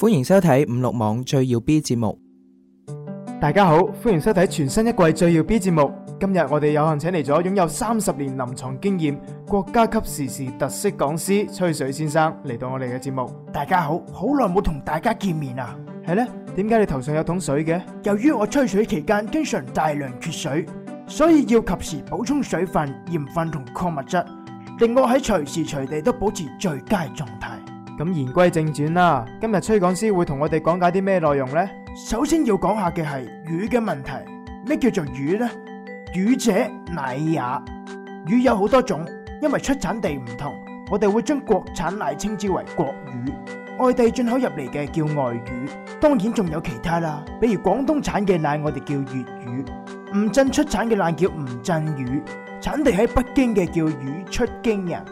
歡迎收睇《五六網最耀 B 節目》。大家好，歡迎收睇全新一季《最耀 B 節目》。今日我哋有幸請嚟咗擁有三十年臨床經驗、國家級時事特色講師崔水先生嚟到我哋嘅節目。大家好，好耐冇同大家見面啦。係呢，點解你頭上有桶水嘅？由於我吹水期間經常大量缺水，所以要及時補充水分、鹽分同礦物質，令我喺隨時隨地都保持最佳狀態。咁言歸正傳啦，今日崔講師會同我哋講解啲咩內容呢？首先要講下嘅係魚嘅問題。咩叫做魚呢？魚者，奶也。魚有好多種，因為出產地唔同，我哋會將國產奶稱之為國魚，外地進口入嚟嘅叫外魚。當然仲有其他啦，比如廣東產嘅奶我哋叫粵魚，吳鎮出產嘅奶叫吳鎮魚，產地喺北京嘅叫魚出京人。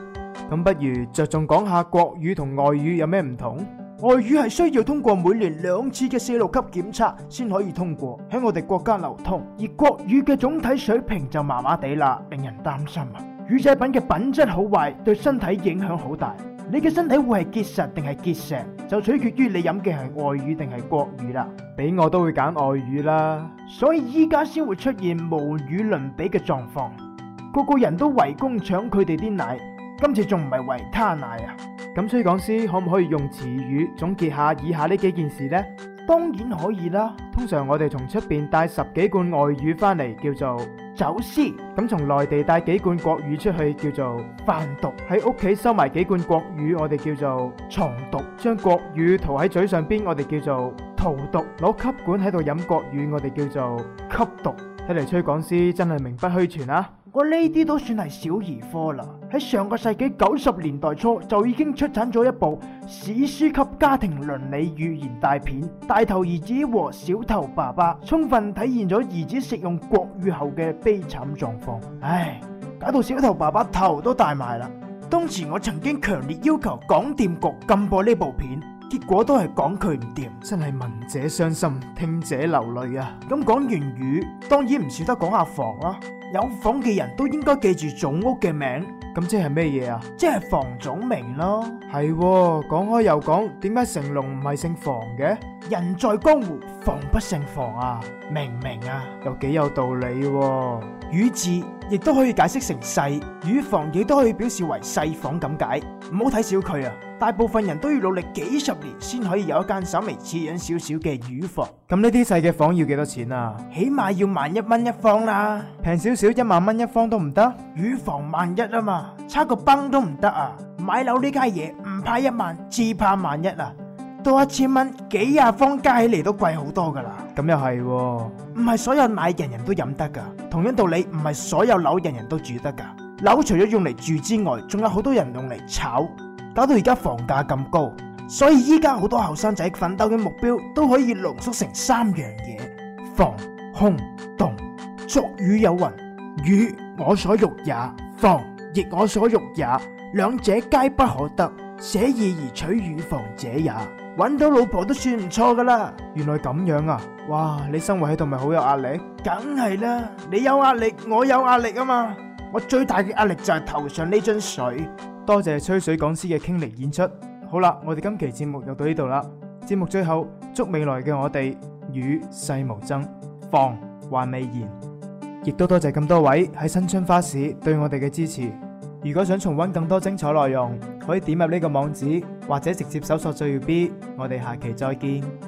咁不如着重講下國語同外語有咩唔同？外語係需要通過每年兩次嘅四六級檢測先可以通過喺我哋國家流通，而國語嘅總體水平就麻麻地啦，令人擔心啊！乳製品嘅品質好壞對身體影響好大，你嘅身體會係結實定係結石，就取決於你飲嘅係外語定係國語啦。俾我都會揀外語啦，所以依家先會出現無語倫比嘅狀況，個個人都圍攻搶佢哋啲奶。今次仲唔係維他奶啊！咁崔講師可唔可以用詞語總結下以下呢幾件事呢？當然可以啦。通常我哋從出邊帶十幾罐外語翻嚟，叫做走私，咁從內地帶幾罐國語出去叫做販毒，喺屋企收埋幾罐國語我哋叫做藏毒，將國語塗喺嘴上邊我哋叫做荼毒，攞吸管喺度飲國語我哋叫做吸毒。睇嚟崔講師真係名不虛傳啊！我呢啲都算係小兒科啦，喺上個世紀九十年代初就已經出產咗一部史書級家庭倫理語言大片《大頭兒子和小頭爸爸》，充分體現咗兒子食用國語後嘅悲慘狀況。唉，搞到小頭爸爸頭都大埋啦！當時我曾經強烈要求港電局禁播呢部片，結果都係講佢唔掂，真係聞者傷心，聽者流淚啊！咁講完語，當然唔少得講阿房啦、啊。有房嘅人都應該記住總屋嘅名。咁即係咩嘢啊？即係房祖名咯。係、哦，講開又講，點解成龍唔係姓房嘅？人在江湖，房不姓房啊！明唔明啊？又幾有道理啊。乳字亦都可以解釋成細，乳房亦都可以表示為細房咁解。唔好睇小佢啊！大部分人都要努力幾十年先可以有一間稍微似樣少少嘅乳房。咁呢啲細嘅房要幾多錢啊？起碼要萬一蚊一方啦，平少少一萬蚊一方都唔得。乳房萬一啊嘛～差個崩都唔得啊！買樓呢家嘢唔怕一萬，只怕萬一啊！到一千蚊，幾廿方加起嚟都貴好多噶啦！咁又係，唔係所有奶人人都飲得噶。同樣道理，唔係所有樓人人都住得噶。樓除咗用嚟住之外，仲有好多人用嚟炒，搞到而家房價咁高。所以依家好多後生仔奮鬥嘅目標都可以濃縮成三樣嘢：防空洞，俗語有云，雨我所欲也，防。亦我所欲也，兩者皆不可得，捨義而取預防者也。搵到老婆都算唔錯噶啦。原來咁樣啊！哇，你生活喺度咪好有壓力？梗係啦，你有壓力，我有壓力啊嘛。我最大嘅壓力就係頭上呢樽水。多謝吹水講師嘅傾力演出。好啦，我哋今期節目又到呢度啦。節目最後，祝未來嘅我哋與世無爭，防患未然。亦都多謝咁多位喺新春花市對我哋嘅支持。如果想重温更多精彩內容，可以點入呢個網址，或者直接搜索最耀 B。我哋下期再見。